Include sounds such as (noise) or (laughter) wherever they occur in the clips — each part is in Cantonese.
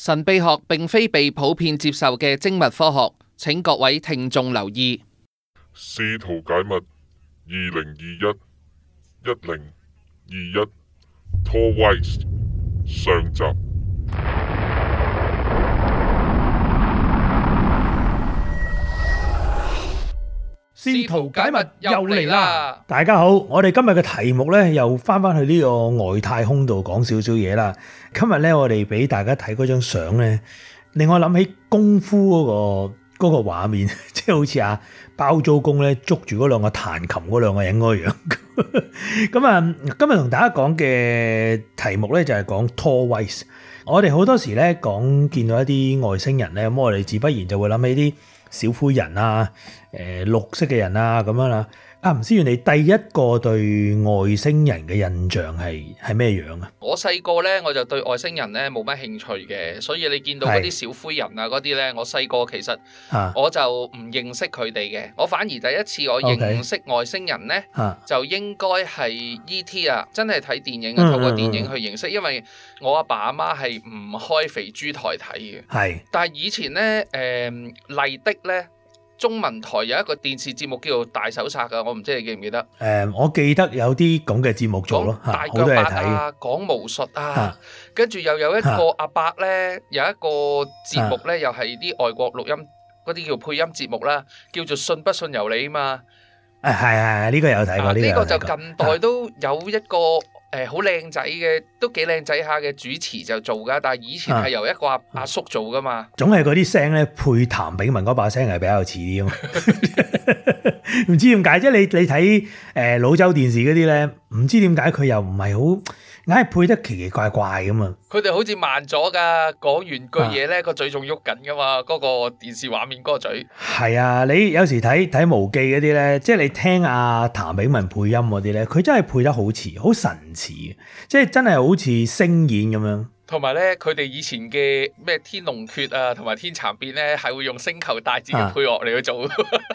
神秘學並非被普遍接受嘅精密科學，請各位聽眾留意。試圖解密二零二一一零二一 Tall Whites 上集。試圖解密又嚟啦！大家好，我哋今日嘅題目咧，又翻翻去呢個外太空度講少少嘢啦。今日咧，我哋俾大家睇嗰張相咧，令我諗起功夫嗰個嗰個畫面，即係好似啊包租公咧捉住嗰兩個彈琴嗰兩個人嗰個樣。咁啊，今日同大家講嘅題目咧就係講 Tall Whites。我哋好多時咧講見到一啲外星人咧，咁我哋自不然就會諗起啲。小灰人啊，誒、呃，綠色嘅人啊，咁樣啦。阿吳思源，你第一個對外星人嘅印象係係咩樣啊？我細個呢，我就對外星人呢冇乜興趣嘅，所以你見到嗰啲小灰人啊嗰啲呢，我細個其實我就唔認識佢哋嘅。我反而第一次我認識外星人呢，okay、就應該係 E.T. 啊，真係睇電影啊，透過電影去認識。嗯嗯嗯，因為我阿爸阿媽係唔開肥豬台睇嘅，係。但係以前呢，誒、呃、麗的呢。中文台有一個電視節目叫做《大手冊》噶，我唔知你記唔記得？誒，我記得有啲咁嘅節目做咯，好多人睇嘅。講大腳八啊，講巫術啊，跟住又有一個阿伯呢，有一個節目呢，又係啲外國錄音嗰啲叫配音節目啦，叫做信不信由你啊嘛。誒，係係係，呢個有睇過，呢個就近代都有一個。誒，好靚仔嘅，都幾靚仔下嘅主持就做㗎，但係以前係由一個阿、啊、阿叔做㗎嘛。總係嗰啲聲咧，配譚炳文嗰把聲係比較似啲啊！唔 (laughs) (laughs) 知點解啫？你你睇誒、呃、老洲電視嗰啲咧，唔知點解佢又唔係好。硬係配得奇奇怪怪噶嘛？佢哋好似慢咗噶，講完句嘢咧，啊、個嘴仲喐緊噶嘛？嗰，那個電視畫面嗰個嘴係啊！你有時睇睇《無記》嗰啲咧，即係你聽阿譚炳文配音嗰啲咧，佢真係配得好似，好神似，即係真係好似聲演咁樣。同埋咧，佢哋以前嘅咩《天龍訣》啊，同埋《天蠶變》咧，係會用星球大戰嘅配樂嚟去做，啊、 (laughs)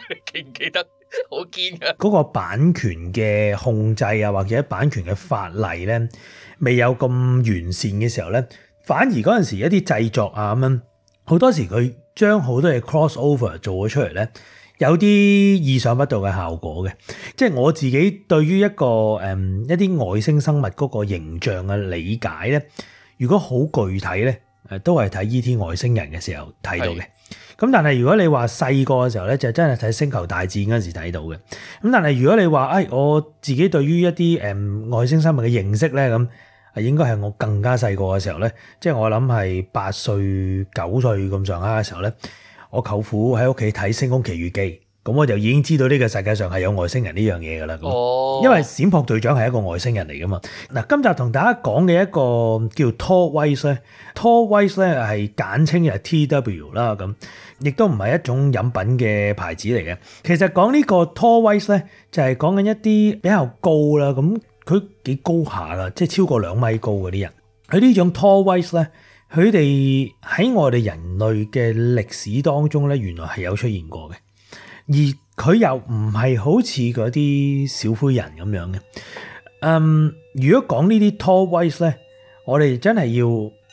你記唔記得？好堅啊！嗰，那個版權嘅控制啊，或者版權嘅法例咧，未有咁完善嘅時候咧，反而嗰陣時一啲製作啊咁樣，好多時佢將好多嘢 cross over 做咗出嚟咧，有啲意想不到嘅效果嘅。即係我自己對於一個誒、嗯、一啲外星生物嗰個形象嘅理解咧，如果好具體咧，都係睇 E.T. 外星人嘅時候睇到嘅。咁但係如果你話細個嘅時候咧，就是、真係睇星球大戰嗰陣時睇到嘅。咁但係如果你話誒、哎、我自己對於一啲誒、嗯、外星生物嘅認識咧咁。嗯係應該係我更加細個嘅時候咧，即係我諗係八歲、九歲咁上下嘅時候咧，我舅父喺屋企睇《星空奇遇記》，咁我就已經知道呢個世界上係有外星人呢樣嘢㗎啦。哦、oh.，因為閃撲隊長係一個外星人嚟噶嘛。嗱，今集同大家講嘅一個叫 Tall Whites 咧 Tall Whites 咧係簡稱就係 T W 啦。咁亦都唔係一種飲品嘅牌子嚟嘅。其實講呢個 Tall Whites 咧，就係講緊一啲比較高啦咁。佢幾高下啦，即係超過兩米高嗰啲人。佢呢種 Tall Whites 咧，佢哋喺我哋人類嘅歷史當中咧，原來係有出現過嘅。而佢又唔係好似嗰啲小灰人咁樣嘅。嗯，如果講呢啲 Tall Whites 咧，我哋真係要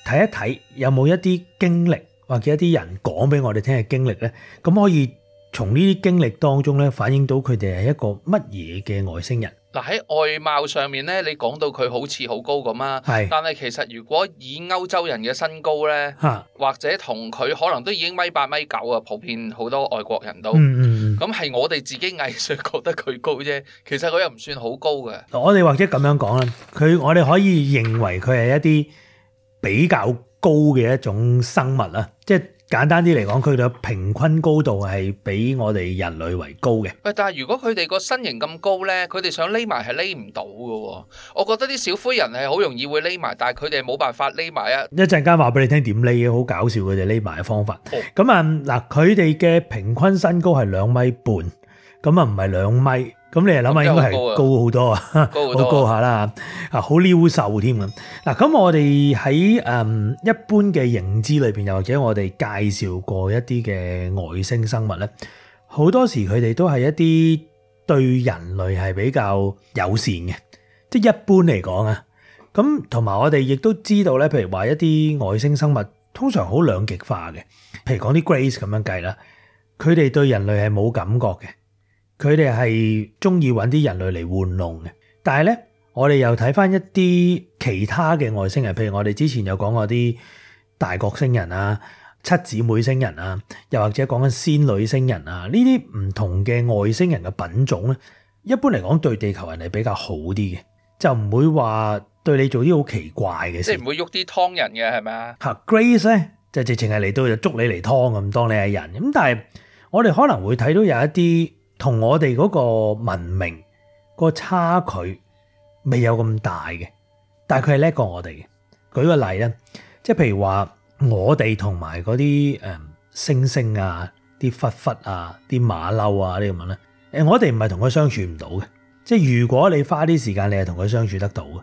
睇一睇有冇一啲經歷或者一啲人講俾我哋聽嘅經歷咧，咁可以從呢啲經歷當中咧，反映到佢哋係一個乜嘢嘅外星人。嗱，喺外貌上面咧，你講到佢好似好高咁啊！係、但係其實如果以歐洲人嘅身高咧，吓、或者同佢可能都已經米八米九啊，普遍好多外國人都咁係、嗯嗯嗯、我哋自己藝術覺得佢高啫，其實佢又唔算好高嘅。我哋或者咁樣講啦，佢我哋可以認為佢係一啲比較高嘅一種生物啦，即係。簡單啲嚟講，佢哋嘅平均高度係比我哋人類為高嘅。喂，但係如果佢哋個身形咁高咧，佢哋想匿埋係匿唔到喎。我覺得啲小灰人係好容易會匿埋，但係佢哋冇辦法匿埋啊！一陣間話俾你聽點匿嘅，好搞笑，佢哋匿埋嘅方法。咁啊嗱，佢哋嘅平均身高係兩米半，咁啊唔係兩米。咁你又諗下，應該係高好多啊，好高下啦嚇，啊好撩瘦添啊！嗱，咁我哋喺誒一般嘅認知裏邊，又或者我哋介紹過一啲嘅外星生物咧，好多時佢哋都係一啲對人類係比較友善嘅，即係一般嚟講啊。咁同埋我哋亦都知道咧，譬如話一啲外星生物通常好兩極化嘅，譬如講啲 Greys 咁樣計啦，佢哋對人類係冇感覺嘅。佢哋係中意揾啲人類嚟玩弄嘅，但係呢，我哋又睇翻一啲其他嘅外星人，譬如我哋之前有講過啲大國星人啊、七姊妹星人啊，又或者講緊仙女星人啊，呢啲唔同嘅外星人嘅品種咧，一般嚟講對地球人係比較好啲嘅，就唔會話對你做啲好奇怪嘅事，即係唔會喐啲劏人嘅係咪啊？吓，Grace 呢，就直情係嚟到就捉你嚟劏咁，當你係人咁，但係我哋可能會睇到有一啲。同我哋嗰個文明個差距未有咁大嘅，但佢係叻過我哋嘅。舉個例咧，即係譬如話我哋同埋嗰啲誒猩猩啊、啲狒狒啊、啲馬騮啊呢個咁咧，誒我哋唔係同佢相處唔到嘅。即係如果你花啲時間，你係同佢相處得到嘅。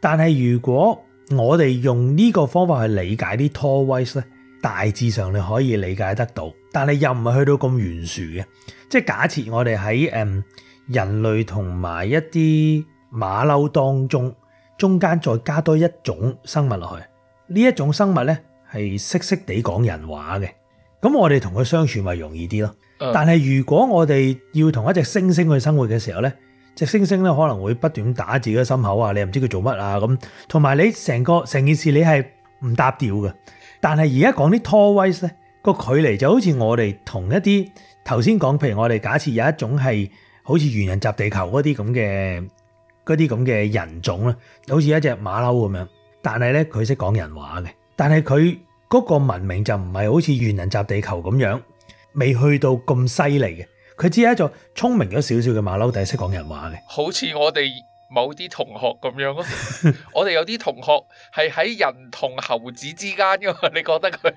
但係如果我哋用呢個方法去理解啲 Tall Whites 咧，大致上你可以理解得到，但係又唔係去到咁圓熟嘅。即係假設我哋喺誒人類同埋一啲馬騮當中，中間再加多一種生物落去，呢一種生物咧係識識地講人話嘅，咁我哋同佢相處咪容易啲咯，嗯。但係如果我哋要同一隻猩猩去生活嘅時候咧，隻猩猩咧可能會不斷打自己心口啊，你唔知佢做乜啊咁，同埋你成個成件事你係唔搭調嘅。但係而家講啲 Tall Whites 咧，個距離就好似我哋同一啲。頭先講，譬如我哋假設有一種係好似猿人襲地球嗰啲咁嘅，啲咁嘅人種啦，好似一隻馬騮咁樣，但係咧佢識講人話嘅，但係佢嗰個文明就唔係好似猿人襲地球咁樣，未去到咁犀利嘅，佢只係一座聰明咗少少嘅馬騮，但係識講人話嘅，好似我哋某啲同學咁樣咯， (laughs) 我哋有啲同學係喺人同猴子之間噶，你覺得佢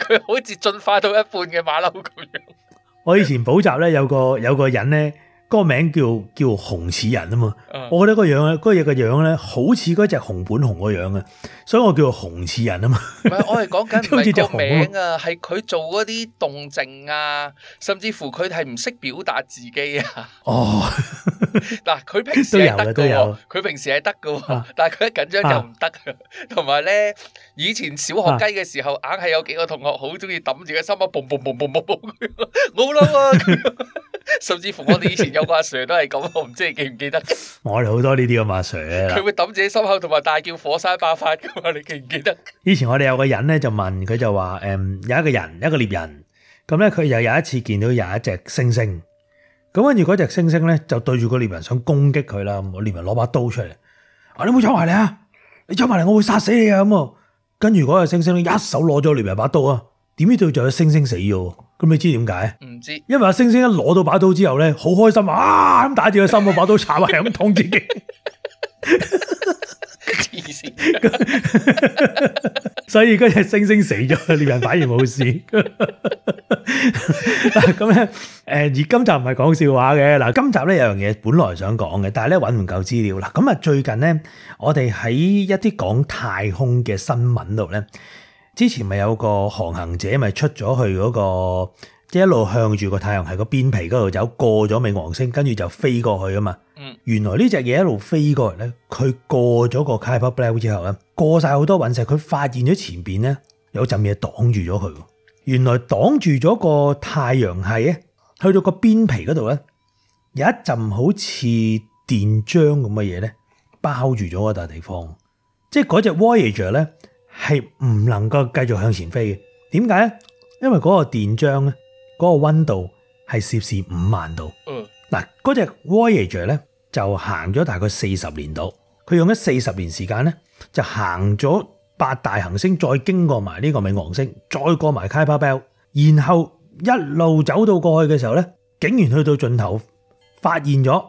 佢好似進化到一半嘅馬騮咁樣？我以前補習咧，有個有個人咧，個名叫叫熊似人啊嘛，嗯，我覺得個樣子，嗰、那、日個樣咧，好似嗰隻熊本熊個樣啊，所以我叫做熊似人啊嘛。唔係，我係講緊唔係個名啊，係佢做嗰啲動靜啊，甚至乎佢係唔識表達自己啊。哦。嗱，佢平時係得嘅，佢平時係得嘅，但係佢一緊張就唔得。同埋咧，以前小學雞嘅時候，硬係有幾個同學好中意抌住個心口，嘣嘣嘣嘣嘣嘣，我好嬲啊！甚至乎我哋以前有個阿 Sir 都係咁，我唔知你記唔記得？我哋好多呢啲嘅阿 Sir 啊！佢會抌自己心口，同埋大叫火山爆發噶嘛？你記唔記得？以前我哋有個人咧就問佢就話，誒，有一個人一個獵人，咁咧佢又有一次見到有一隻猩猩。咁跟住嗰隻猩猩咧，就對住個獵人想攻擊佢啦。咁我獵人攞把刀出嚟，你啊！你唔好走埋嚟啊！你走埋嚟，我會殺死你啊！咁啊，跟住嗰個猩猩一手攞咗獵人把刀啊，點知對住個猩猩死咗？咁你知點解？唔知，因為阿猩猩一攞到把刀之後咧，好開心啊！咁打住個心個把刀插埋，咁 (laughs) 捅打自己。 (laughs) (laughs) (laughs) 所以嗰隻星星死咗，獵人反而冇事。咁樣誒，而今集唔係講笑話嘅嗱，今集咧有樣嘢本來想講嘅，但係咧揾唔夠資料啦。咁啊，最近咧，我哋喺一啲講太空嘅新聞度咧，之前咪有個航行者咪出咗去嗰個。即一路向住個太陽系個邊皮嗰度走，過咗冥王星，跟住就飛過去啊嘛。原來呢隻嘢一路飛過嚟咧，佢過咗個 Kuiper Belt 之後咧，過晒好多隕石，佢發現咗前邊咧有陣嘢擋住咗佢。原來擋住咗個太陽系咧，去到個邊皮嗰度咧，有一陣好似電漿咁嘅嘢咧，包住咗個大地方。即係嗰隻 voyager 咧係唔能夠繼續向前飛嘅。點解咧？因為嗰個電漿咧。嗰個溫度係攝氏五萬度。嗯，嗱，嗰隻 Voyager 咧，就行咗大概四十年度。佢用咗四十年時間咧，就行咗八大行星，再經過埋呢個冥王星，再過埋 Kuiper Belt，然後一路走到過去嘅時候咧，竟然去到盡頭，發現咗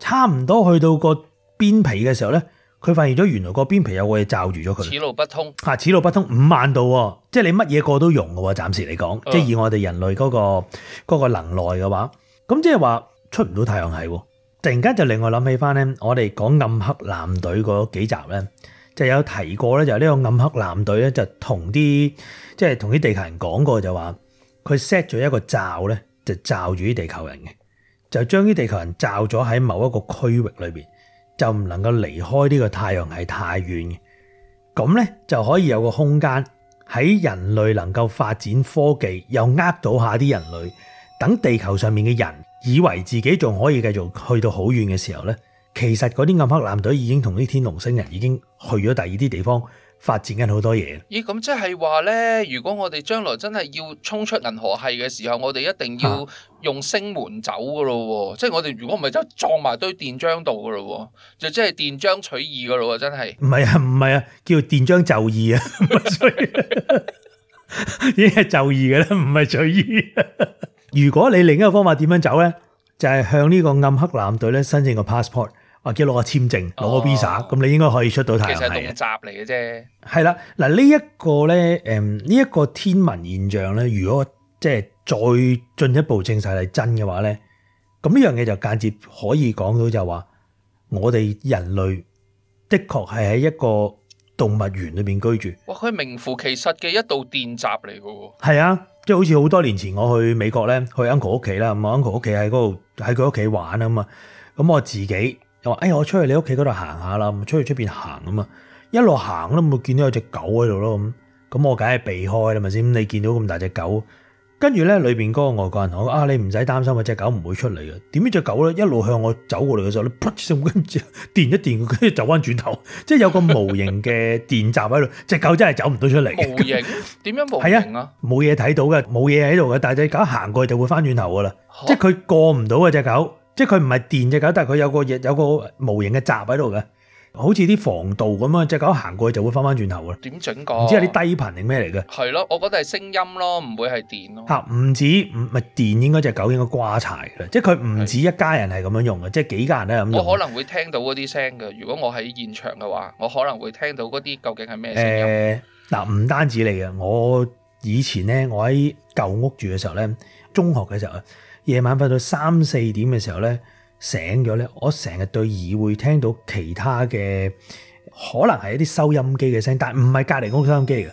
差唔多去到個邊皮嘅時候咧。佢發現咗原來個邊皮有個嘢罩住咗佢，此路不通、啊、此路不通，五萬度，即係你乜嘢個都融嘅喎。暫時嚟講，即係以我哋人類嗰、嗰個嗰、嗰個、能耐嘅話，咁即係話出唔到太陽系喎。突然間就令我諗起返咧，我哋講暗黑艦隊嗰幾集咧，就有提過咧，就呢、是、個暗黑艦隊咧就同啲即係同啲地球人講過就話，佢 set 咗一個罩咧，就罩住啲地球人嘅，就將啲地球人罩咗喺某一個區域裏面。就唔能夠離開呢個太陽系太遠，咁呢就可以有個空間喺人類能夠發展科技，又呃到下啲人類，等地球上面嘅人以為自己仲可以繼續去到好遠嘅時候呢，其實嗰啲暗黑艦隊已經同啲天龍星人已經去咗第二啲地方。發展緊好多嘢。咦，咁即係話咧，如果我哋將來真係要衝出銀河系嘅時候，我哋一定要用星門走噶咯，即係我哋如果唔係就撞埋堆電漿度噶咯，就即係電漿取義噶咯，真係。唔係啊，唔係啊，啊，叫電漿就義啊，所以呢 (laughs) 個 (laughs) 就義嘅咧，唔係取義。 (laughs) 如果你另一個方法點樣走咧，就係、是、向呢個暗黑艦隊咧申請個 passport。啊！即係攞個簽證，攞個 visa，咁、哦、你應該可以出到太陽系。其實係東集嚟嘅啫。係啦，嗱呢一個咧，誒呢一個天文現象咧，如果即係再進一步證實係真嘅話咧，咁呢樣嘢就間接可以講到就話，我哋人類的確係喺一個動物園裏邊居住。哇！佢名副其實嘅一道電閘嚟嘅喎。係啊，即係好似好多年前我去美國咧，去 uncle 屋企啦，咁、嗯、uncle 屋企喺嗰度，喺佢屋企玩啊嘛，咁我自己。話哎，我出去你屋企嗰度行下啦，出去出邊行啊嘛，一路行都冇見到有隻狗喺度咯，咁咁我梗係避開啦，咪先，你見到咁大隻狗，跟住咧裏邊嗰個外國人同我啊，你唔使擔心啊，隻狗唔會出嚟嘅。點知隻狗咧一路向我走過嚟嘅時候，你撲咁跟住，電一電，跟住走翻轉頭，即係有個無形嘅電閘喺度，隻 (laughs) 狗真係走唔到出嚟。無形？點樣無形？係啊，冇嘢睇到嘅，冇嘢喺度嘅，但係隻狗行過去就會翻轉頭噶啦， (laughs) 即係佢過唔到啊隻狗。即係佢唔係電隻狗，但係佢有個有個模型嘅閘喺度嘅，好似啲防盜咁啊！隻狗行過去就會翻翻轉頭啦。點準講？唔知係啲低頻定咩嚟嘅？係咯，我覺得係聲音咯，唔會係電咯。嚇、啊！唔止唔係電應，應該隻狗應該掛柴嘅，即係佢唔止一家人係咁樣用嘅，即係幾家人咧咁。我可能會聽到嗰啲聲嘅，如果我喺現場嘅話，我可能會聽到嗰啲究竟係咩聲音。嗱、呃，唔單止你嘅，我以前咧，我喺舊屋住嘅時候咧，中學嘅時候啊。夜晚瞓到三四點嘅時候咧，醒咗咧，我成日對耳會聽到其他嘅，可能係一啲收音機嘅聲，但係唔係隔離嗰個收音機嘅，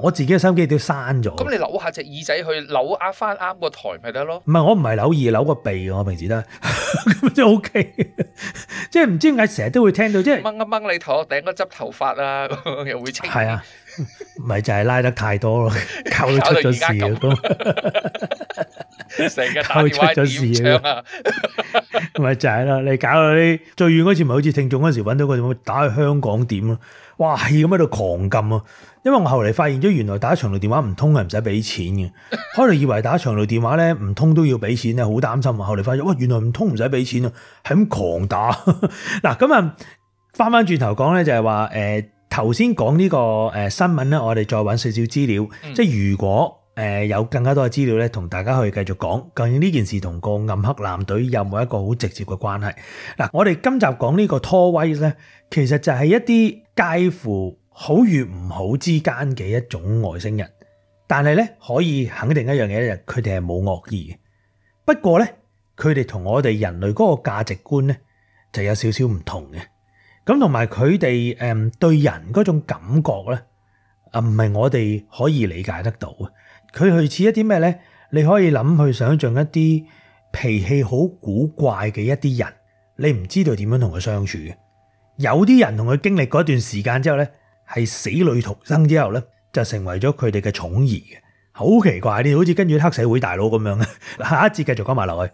我自己嘅收音機都閂咗。咁你扭一下隻耳仔去扭壓翻啱個台咪得咯？唔係，我唔係扭耳，扭個鼻我平時都，咁即係 OK，即係唔知點解成日都會聽到即係掹一掹你頭頂嗰執頭髮啊，又會清晰。咪就係拉得太多咯，搞到搞出咗事啊 (laughs) 啊！成出咗事啊！咪 (laughs) 就係咯，你搞你遠那到你最遠嗰次咪好似聽眾嗰時揾到個點打去香港點咯？哇，係咁喺度狂撳啊！因為我後嚟發現咗，原來打長途電話唔通係唔使俾錢嘅。開頭以為打長途電話咧唔通都要俾錢咧，好擔心啊！後嚟發現原來唔通唔使俾錢啊，係咁狂打。嗱， (laughs) 咁啊，翻翻轉頭講咧就係話誒。頭先講呢個誒新聞咧，我哋再搵少少資料，即係如果誒有更加多嘅資料咧，同大家去繼續講，究竟呢件事同個暗黑艦隊有冇一個好直接嘅關係？嗱，我哋今集講呢個托威咧，其實就係一啲介乎好與唔好之間嘅一種外星人，但係咧可以肯定一樣嘢咧，就佢哋係冇惡意嘅。不過咧，佢哋同我哋人類嗰個價值觀咧，就有少少唔同嘅。咁同埋佢哋誒對人嗰種感覺咧，啊唔係我哋可以理解得到。佢去似一啲咩咧？你可以諗去想像一啲脾氣好古怪嘅一啲人，你唔知道點樣同佢相處嘅。有啲人同佢經歷過一段時間之後咧，係死裡逃生之後咧，就成為咗佢哋嘅寵兒嘅，好奇怪啲，好似跟住黑社會大佬咁樣，下一節繼續講埋落去。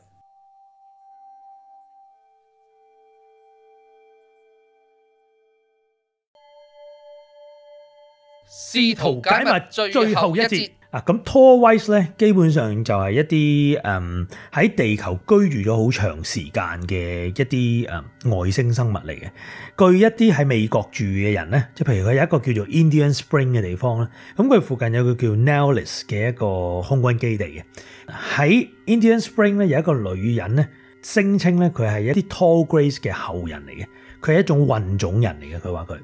試圖解密最後一節啊！咁 Tall Whites 咧，基本上就係一啲誒喺地球居住咗好長時間嘅一啲誒、嗯、外星生物嚟嘅。據一啲喺美國住嘅人咧，即譬如佢有一個叫做 Indian Spring 嘅地方啦，咁佢附近有個叫 Nellis 嘅一個空軍基地嘅。喺 Indian Spring 咧，有一個女人咧，聲稱咧，佢係一啲 Tall Grace 嘅後人嚟嘅，佢係一種混種人嚟嘅。佢話佢，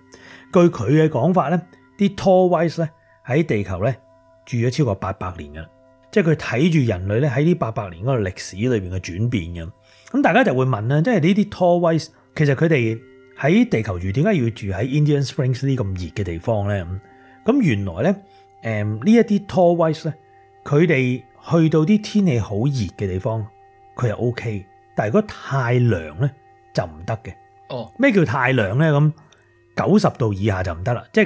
據佢嘅講法咧。啲 Tall Whites 咧喺地球咧住咗超過八百年嘅，即係佢睇住人類咧喺呢八百年嗰個歷史裏面嘅轉變嘅。咁大家就會問啦，即係呢啲 Tall Whites 其實佢哋喺地球住點解要住喺 Indian Springs 呢咁熱嘅地方咧？咁、嗯、原來咧，誒、嗯、呢一啲 Tall Whites 咧，佢哋去到啲天氣好熱嘅地方佢係 O K，但係如果太涼咧就唔得嘅。哦，咩叫太涼咧？咁九十度以下就唔得啦，即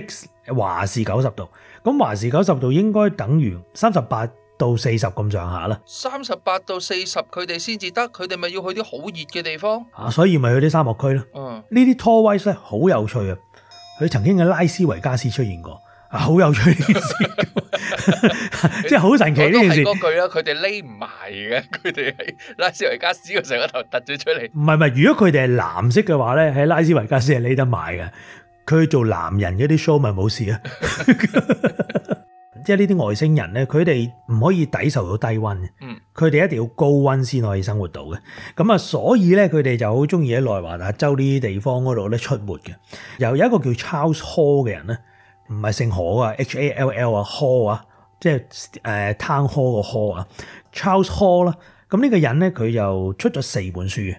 華氏九十度，咁華氏九十度應該等於三十八到四十咁上下啦。三十八到四十，佢哋先至得，佢哋咪要去啲好熱嘅地方啊，所以咪去啲沙漠區咯。嗯，呢啲 Tall Whites 咧好有趣啊，佢曾經喺拉斯維加斯出現過啊，好有趣，即係好神奇呢件事。係嗰句啦，佢哋匿唔埋嘅，佢哋喺拉斯維加斯個成個頭突咗出嚟。唔係唔係，如果佢哋係藍色嘅話咧，喺拉斯維加斯係匿得埋嘅。佢做男人嗰啲 show 咪冇事啊！即係呢啲外星人咧，佢哋唔可以抵受到低温嘅，佢哋一定要高温先可以生活到嘅。咁啊，所以咧佢哋就好中意喺內華達州呢啲地方嗰度咧出沒嘅。又有一個叫 Charles Hall 嘅人咧，唔係姓何啊，H A L L 啊，Hall 啊，即係誒 town hall 個 hall 啊，Charles Hall 啦。咁呢個人咧，佢又出咗四本書，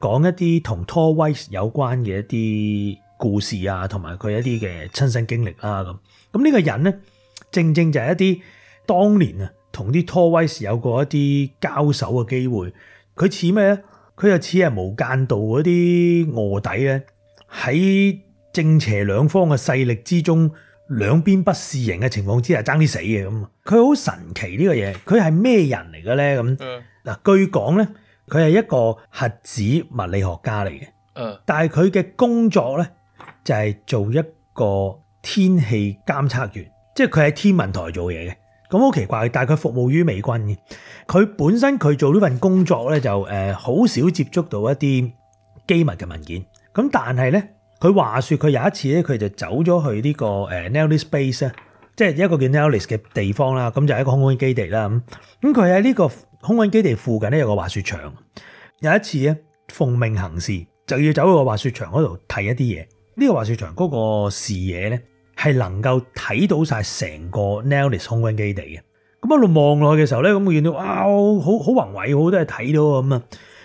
講一啲同 Tall Whites 有關嘅一啲。故事啊，同埋佢一啲嘅親身經歷啊，咁咁呢個人咧，正正就係一啲當年啊，同啲拖威士有過一啲交手嘅機會。佢似咩咧？佢又似係無間道嗰啲臥底咧，啊，喺正邪兩方嘅勢力之中，兩邊不適應嘅情況之下爭啲死嘅咁。佢好神奇個呢個嘢，佢係咩人嚟嘅咧？咁、嗯、嗱，據講咧，佢係一個核子物理學家嚟嘅，嗯，但係佢嘅工作咧。就係做一個天氣監測員，即係佢喺天文台做嘢嘅，咁好奇怪，但係佢服務於美軍嘅，佢本身佢做呢份工作咧就誒好少接觸到一啲機密嘅文件。咁但係咧，佢話説佢有一次咧，佢就走咗去呢個誒 Nellis Space 咧，即係一個叫 Nellis 嘅地方啦，咁就係一個空軍基地啦。咁佢喺呢個空軍基地附近咧有個滑雪場，有一次咧，奉命行事，就要走去個滑雪場嗰度睇一啲嘢。呢個滑雪場嗰個視野咧，係能夠睇到晒成個 Nellis 空軍基地嘅。咁一路望落去嘅時候咧，咁會見到啊，好好宏偉，好多嘢睇到咁啊。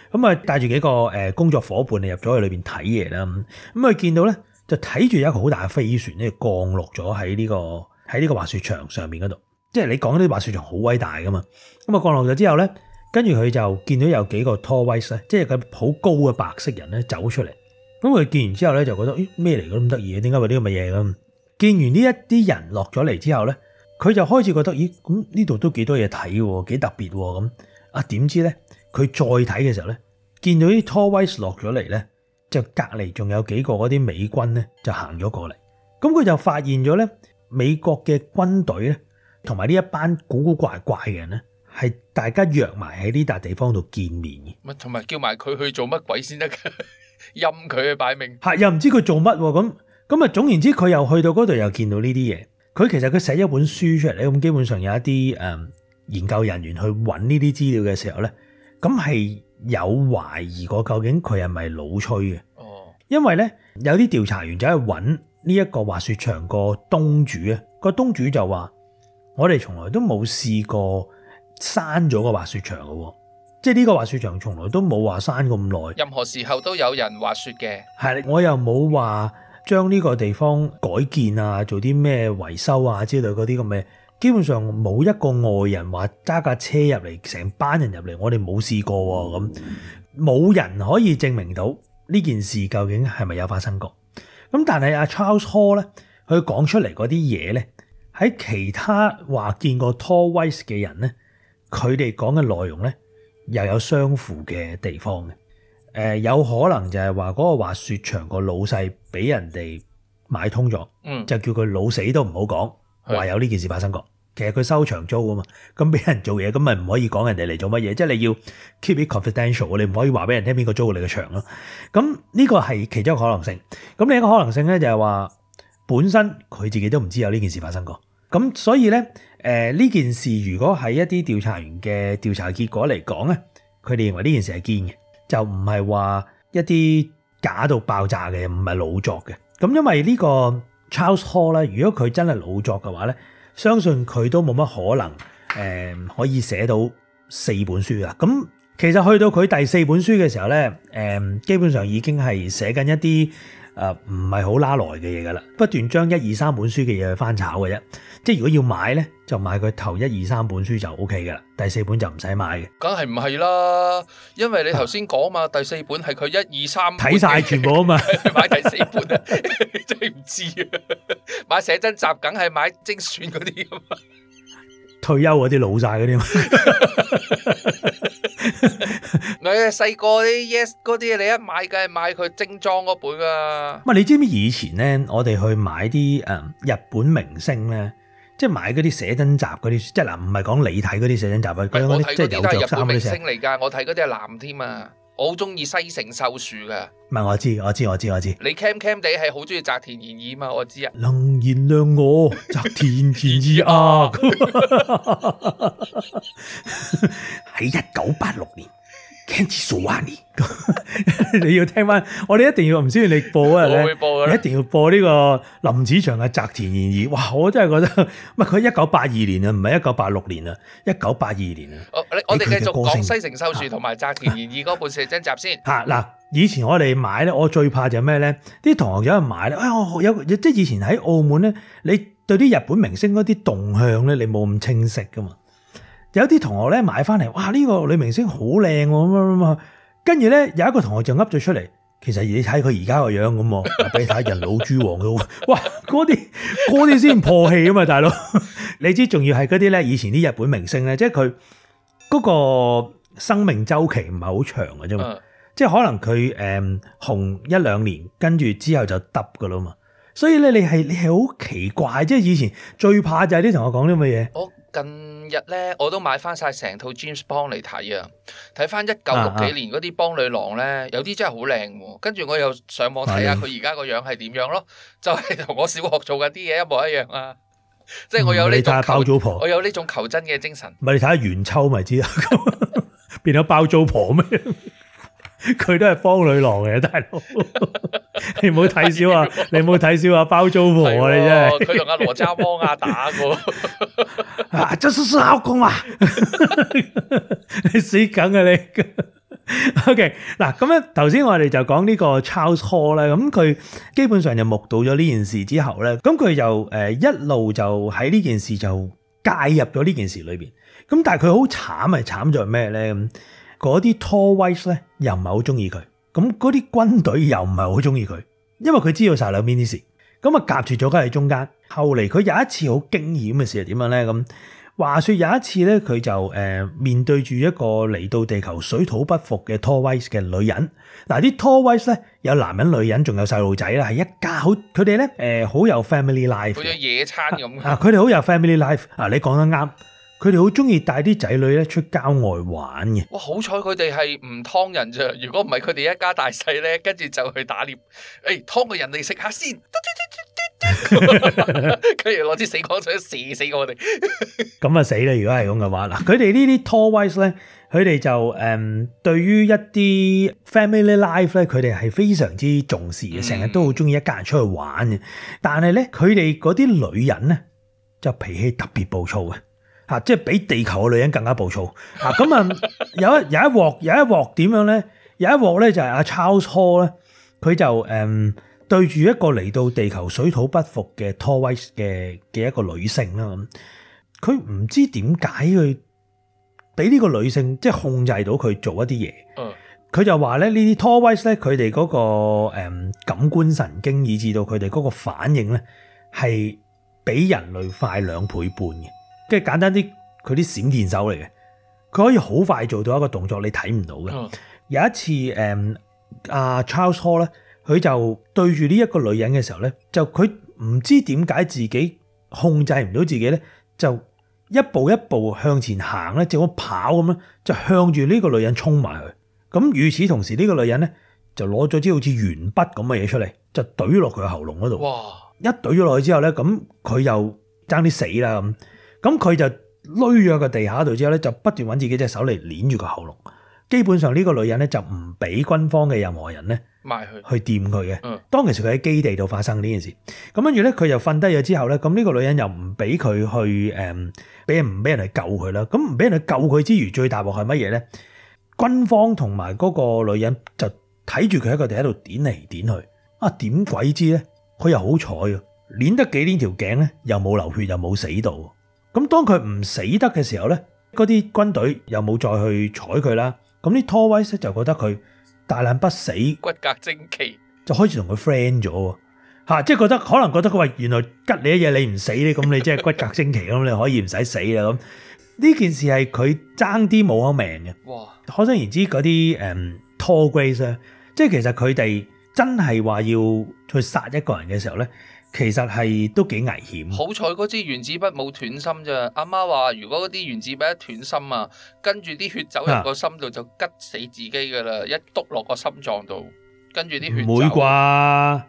咁啊，帶住幾個誒工作伙伴入咗去裏邊睇嘢啦。咁啊，見到咧就睇住有一個好大嘅飛船咧降落咗喺呢個喺呢個滑雪場上面嗰度。即係你講呢個滑雪場好偉大噶嘛？咁啊降落咗之後咧，跟住佢就見到有幾個 Tall Whites，即係佢好高嘅白色人咧走出嚟。咁佢見完之後咧，就覺得咦咩嚟㗎咁得意啊？點解會呢咁嘅嘢咁？見完呢一啲人落咗嚟之後咧，佢就開始覺得咦咁呢度都幾多嘢睇喎，幾特別喎咁。啊點知咧佢再睇嘅時候咧，見到啲 Tall Whites 落咗嚟咧，就隔籬仲有幾個嗰啲美軍咧就行咗過嚟。咁佢就發現咗咧，美國嘅軍隊咧，同埋呢一班古古怪怪嘅人咧，係大家約埋喺呢笪地方度見面嘅。同埋叫埋佢去做乜鬼先得㗎？ (laughs) 任佢去擺明，又唔知佢做乜咁咁啊！總言之佢又去到嗰度又見到呢啲嘢，佢其實佢寫一本書出嚟咧，咁基本上有一啲誒研究人員去揾呢啲資料嘅時候咧，咁係有懷疑過究竟佢係咪老吹嘅？哦，因為咧有啲調查員就去揾呢一個滑雪場個東主啊，個東主就話我哋從來都冇試過閂咗個滑雪場嘅。即係呢個滑雪場，從來都冇話閂咁耐，任何時候都有人滑雪嘅。係，我又冇話將呢個地方改建啊，做啲咩維修啊之類嗰啲咁嘅。基本上冇一個外人話揸架車入嚟，成班人入嚟，我哋冇試過喎。咁冇人可以證明到呢件事究竟係咪有發生過。咁但係阿 Charles Hall 咧，佢講出嚟嗰啲嘢咧，喺其他話見過 Tall Whites 嘅人咧，佢哋講嘅內容咧。又有相符嘅地方嘅，誒，有可能就係話嗰個滑雪場個老細俾人哋買通咗，嗯，就叫佢老死都唔好講，話有呢件事發生過。其實佢收場租啊嘛，咁俾人做嘢，咁咪唔可以講人哋嚟做乜嘢？即係你要 keep it confidential，你唔可以話俾人聽邊個租你個場咯。咁呢個係其中一個可能性。咁另一個可能性咧就係話，本身佢自己都唔知有呢件事發生過。咁所以咧。誒，呢件事如果係一啲調查員嘅調查結果嚟講咧，佢哋認為呢件事係堅嘅，就唔係話一啲假到爆炸嘅，唔係老作嘅。咁因為呢個 Charles Hall 咧，如果佢真係老作嘅話咧，相信佢都冇乜可能誒、呃、可以寫到四本書啊。咁其實去到佢第四本書嘅時候咧，誒、呃、基本上已經係寫緊一啲誒唔係好拉來嘅嘢噶啦，不斷將一二三本書嘅嘢去翻炒嘅啫。即係如果要買咧，就買佢頭一二三本書就 OK 噶啦，第四本就唔使買嘅。梗係唔係啦，因為你頭先講嘛，第四本係佢一二三睇晒全部啊嘛， (laughs) 買第四本真唔知啊，知道啊，買寫真集梗係買精選嗰啲啊嘛，退休嗰啲老晒嗰啲嘛。你哋細個啲 Yes 嗰啲，你一買梗係買佢精裝嗰本噶。你知唔知以前咧，我哋去買啲誒日本明星咧。即係買嗰啲寫真集嗰啲，即係嗱，唔係講你睇嗰啲寫真集啊，嗰啲即係點樣入衫嗰星嚟噶，我睇嗰啲係男添啊，我好中意西城秀樹噶。唔係我知，我知，我知，我知，我知。你 cam cam 哋係好中意澤田研二嘛？我知我啊。能原諒我，澤田研二啊！喺一九八六年。Kenji Soani， (laughs) 你要聽翻， (laughs) 我哋一定要唔需要你播啊？我會播㗎啦！你一定要播呢個林子祥嘅《澤田研二》。哇！我真係覺得，唔係佢一九八二年啊，唔係一九八六年啊，一九八二年啊。我我哋繼續講《西城秀樹》同、啊、埋《澤田研二》嗰部寫真集先。吓、啊、嗱！以前我哋買咧，我最怕就係咩咧？啲同學有人買咧，啊、哎，我有即係以前喺澳門咧，你對啲日本明星嗰啲動向咧，你冇咁清晰噶嘛？有啲同學咧買翻嚟，哇！呢、呢個女明星好靚咁，跟住咧有一個同學就噏咗出嚟，其實你睇佢而家個樣咁，俾睇人老珠黃都，哇！嗰啲嗰啲先破氣啊嘛，大佬，你知仲要係嗰啲咧？以前啲日本明星咧，即係佢嗰個生命周期唔係好長㗎啫嘛，嗯、即係可能佢誒紅一兩年，跟住之後就耷噶啦嘛，所以咧你係你係好奇怪，即係以前最怕就係啲同學講呢啲嘢，我近日咧，我都買翻晒成套 James Bond 嚟睇啊！睇翻一九六幾年嗰啲邦女郎咧，有啲真係好靚喎。跟住我又上網睇下佢而家個樣係點樣咯，就係、是、同我小學做嘅啲嘢一模一樣啊！即係我有呢種、嗯、你睇下包租婆，我有呢種求真嘅精神。唔係你睇下元秋咪知啊， (laughs) 變咗包租婆咩？ (laughs) 佢都係方女郎嘅大佬，你唔好睇少啊！你唔好睇少啊包租婆啊！你真係佢同阿羅家邦啊打過，啊真思思敲工啊！你死梗呀你。OK，嗱咁樣頭先我哋就講呢個 Charles Hall 咧，咁佢基本上就目睹咗呢件事之後咧，咁佢就誒一路就喺呢件事就介入咗呢件事裏邊，咁但係佢好慘係慘在咩咧咁？嗰啲 Tall Whites 咧又唔係好中意佢，咁嗰啲軍隊又唔係好中意佢，因為佢知道曬兩邊啲事，咁啊夾住咗佢喺中間。後嚟佢有一次好驚險嘅事係點樣咧？咁話説有一次咧，佢就誒面對住一個嚟到地球水土不服嘅 Tall Whites 嘅女人。嗱，啲 Tall Whites 咧有男人、女人仲有細路仔啦，係一家好，佢哋咧誒，好有 family life，好似野餐咁啊！佢哋好有 family life 啊！你講得啱。佢哋好中意帶啲仔女咧出郊外玩嘅。哇！好彩佢哋係唔劏人咋，欸。 (laughs) (laughs) (laughs) (laughs) 如果唔係，佢哋一家大細咧，跟住就去打獵。誒，劏個人嚟食下先。跟住攞支死光水射死我哋。咁啊死啦！如果係咁嘅話嗱，佢哋呢啲 Tall Whites 咧，佢哋就誒，對於一啲 Family Life 咧，佢哋係非常之重視嘅。成日都好中意一家人出去玩嘅。但係咧，佢哋嗰啲女人咧，就脾氣特別暴躁嘅。啊，即係比地球嘅女人更加暴躁啊！咁 (laughs) 啊、嗯，有一有一鑊有一鑊點樣咧？有一鑊咧就係阿 Charles Hall 咧，佢就誒，對住一個嚟到地球水土不服嘅 Tall Whites 嘅嘅一個女性啦。佢唔知點解佢俾呢個女性即係控制到佢做一啲嘢。佢、嗯、就話咧呢啲 Tall Whites 咧，佢哋嗰個誒、嗯、感官神經以至到佢哋嗰個反應咧，係比人類快兩倍半嘅。即係簡單啲，佢啲閃電手嚟嘅，佢可以好快做到一個動作，你看不，你睇唔到嘅。有一次，誒、嗯、阿、啊、Charles Hall 咧，佢就對住呢一個女人嘅時候咧，就佢唔知點解自己控制唔到自己咧，就一步一步向前行咧，就好跑咁樣，就向住呢個女人衝埋去。咁與此同時，呢、這個女人咧就攞咗支好似鉛筆咁嘅嘢出嚟，就懟落佢嘅喉嚨嗰度。哇！一懟咗落去之後咧，咁佢又爭啲死啦咁。咁佢就匿咗個地下度之後咧，就不斷揾自己隻手嚟捻住個喉嚨。基本上呢個女人咧就唔俾軍方嘅任何人咧，埋去去掂佢嘅。當其時佢喺基地度發生呢件事，咁跟住咧佢就瞓低咗之後咧，咁呢個女人又唔俾佢去誒，俾唔俾人去救佢啦？咁唔俾人去救佢之餘，最大鑊係乜嘢咧？軍方同埋嗰個女人就睇住佢喺個地喺度點嚟點去啊？點鬼知咧？佢又好彩，捻得幾年條頸咧，又冇流血，又冇死到。咁當佢唔死得嘅時候咧，嗰啲軍隊又冇再去睬佢啦。咁啲 Tall Whites 就覺得佢大難不死，骨骼精奇，就開始同佢 friend 咗，吓即係覺得可能覺得佢話原來吉你嘢，你唔死咧，咁你即係骨骼精奇咁，你可以唔使死啦。咁呢件事係佢爭啲冇咗命嘅。哇！可想而知嗰啲誒 Tall Whites，即係其實佢哋真係話要去殺一個人嘅時候咧。其實係都幾危險。好彩嗰支原子筆冇斷心啫。阿媽話如果嗰啲原子筆一斷心啊，跟住啲血走入個心度就拮死自己噶啦，一厾落個心臟度，跟住啲血唔會啩？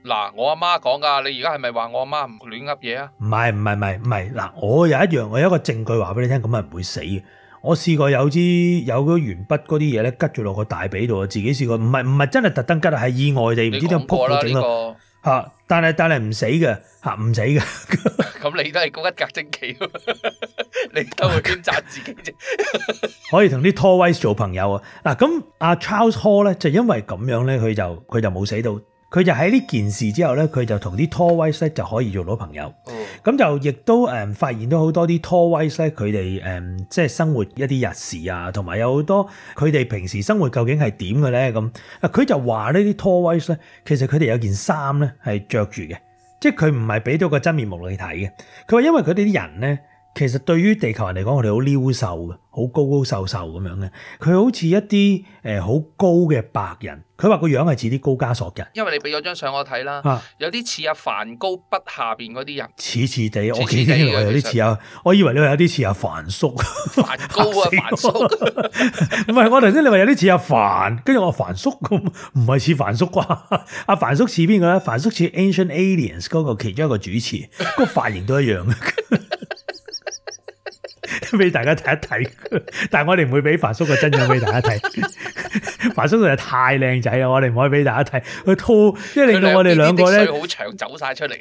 嗱，我阿媽講噶，你而家係咪話我阿媽唔亂噏嘢啊？唔係唔係唔係唔係嗱，我有一樣我有一個證據話俾你聽，咁咪唔會死嘅。我試過有支有嗰鉛筆嗰啲嘢咧拮住落個大髀度，自己試過，唔係唔係真係特登拮啊，係意外地唔知點樣扑到整到。吓、啊，但係但係唔死嘅，吓、啊、唔死嘅。咁你都係高一格精奇，你都會觀察自己啫。可以同啲拖威做朋友啊！嗱、啊，咁、啊、阿 Charles Hall 咧就因為咁樣咧，佢就佢就冇死到。佢就喺呢件事之後咧，佢就同啲 Tall Whites 咧就可以做到朋友。咁就亦都誒發現到好多啲 Tall Whites 咧，佢哋誒即係生活一啲日事啊，同埋有好多佢哋平時生活究竟係點嘅咧咁。啊，佢就話呢啲 Tall Whites 咧，其實佢哋有件衫咧係着住嘅，即係佢唔係俾到個真面目你睇嘅。佢話因為佢哋啲人咧。其實對於地球人嚟講，我哋好溜瘦嘅，好高高瘦瘦咁樣嘅。佢好似一啲誒好高嘅白人，佢話個樣係似啲高加索嘅。因為你俾咗張相我睇啦，啊，有啲似阿梵高筆下邊嗰啲人，似似地，似似地。我有啲似阿，我以為你話有啲似阿凡叔，梵高啊，梵叔。唔 (laughs) 係，我頭先你話有啲似阿凡，跟住我凡叔咁，唔係似凡叔啩？阿、啊、凡叔似邊個咧？梵叔似 Ancient Aliens 嗰個其中一個主持，個髮型都一樣。 (laughs) 俾 (laughs) 大家睇一睇，但係我哋唔會俾樊叔嘅真人俾大家睇。樊 (laughs) (laughs) 叔就係太靚仔啦，我哋唔可以俾大家睇佢拖，即係令到我哋兩個咧好長走晒出嚟。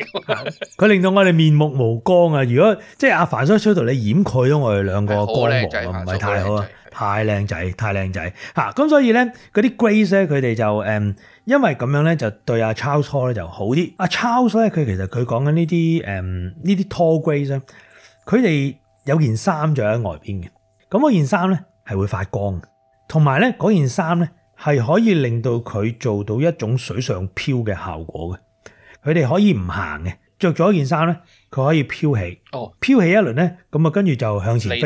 佢令到我哋面目無光啊！如果即係阿樊叔出到，你掩蓋咗我哋兩個光芒，唔係太好太太太啊！太靚仔，太靚仔吓。咁所以咧，嗰啲 Grace 咧，佢哋就誒，因為咁樣咧，就對阿 Charles 咧就好啲。阿、啊、Charles 咧，佢其實佢講緊呢啲誒，呢啲拖 Grace 咧，佢哋。有件衫就喺外邊嘅，咁嗰件衫咧係會發光嘅，同埋咧嗰件衫咧係可以令到佢做到一種水上漂嘅效果嘅。佢哋可以唔行嘅，着咗件衫咧，佢可以飄起。哦，飄起一輪咧，咁啊，跟住就向前飛，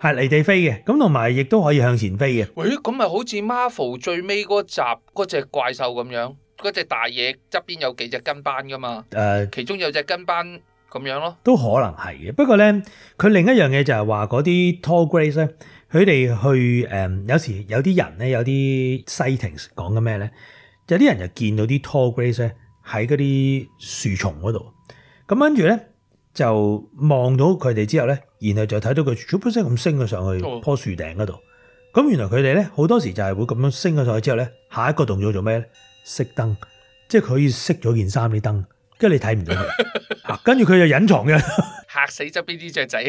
係離地飛嘅。咁同埋亦都可以向前飛嘅。喂，咁咪好似 Marvel 最尾嗰集嗰隻怪獸咁樣，嗰隻大嘢側邊有幾隻跟班噶嘛？誒，其中有隻跟班。咁樣咯，都可能係嘅。不過咧，佢另一樣嘢就係話嗰啲 tall grays 咧，佢哋去誒、嗯、有時有啲人咧，有啲 sightings 講緊咩咧？有啲人就見到啲 tall grays 咧喺嗰啲樹叢嗰度，咁跟住咧就望到佢哋之後咧，然後就睇到佢 super fast 咁升咗上去樖樹頂嗰度。咁原來佢哋咧好多時就係會咁樣升咗上去之後咧，下一個動作做咩咧？熄燈，即係佢可以熄咗件衫啲燈。跟住你睇唔到佢，跟住佢就隱藏嘅， (laughs) 嚇死側邊啲雀仔。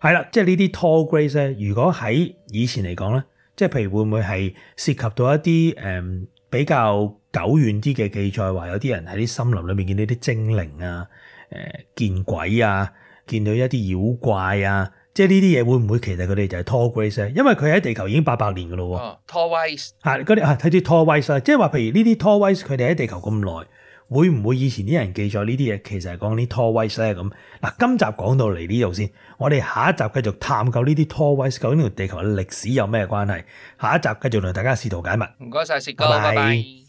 係 (laughs) 啦，即係呢啲 Tall Greys 咧。如果喺以前嚟講咧，即係譬如會唔會係涉及到一啲誒、嗯、比較久遠啲嘅記載，話有啲人喺啲森林裏面見到啲精靈啊、誒、呃、見鬼啊、見到一啲妖怪啊，即係呢啲嘢會唔會其實佢哋就係 Tall Greys 咧？因為佢喺地球已經八百年喇咯。Tall Whites 啊，嗰啲啊睇住 Tall Whites 啦，即係話譬如呢啲 Tall Whites 佢哋喺地球咁耐。會唔會以前啲人記載呢啲嘢？其實係講啲 Tall Whites 咧。咁。嗱，今集講到嚟呢度先，我哋下一集繼續探究呢啲 Tall Whites 究竟同地球嘅歷史有咩關係？下一集繼續同大家試圖解密。唔該晒，薛哥 bye bye，拜拜。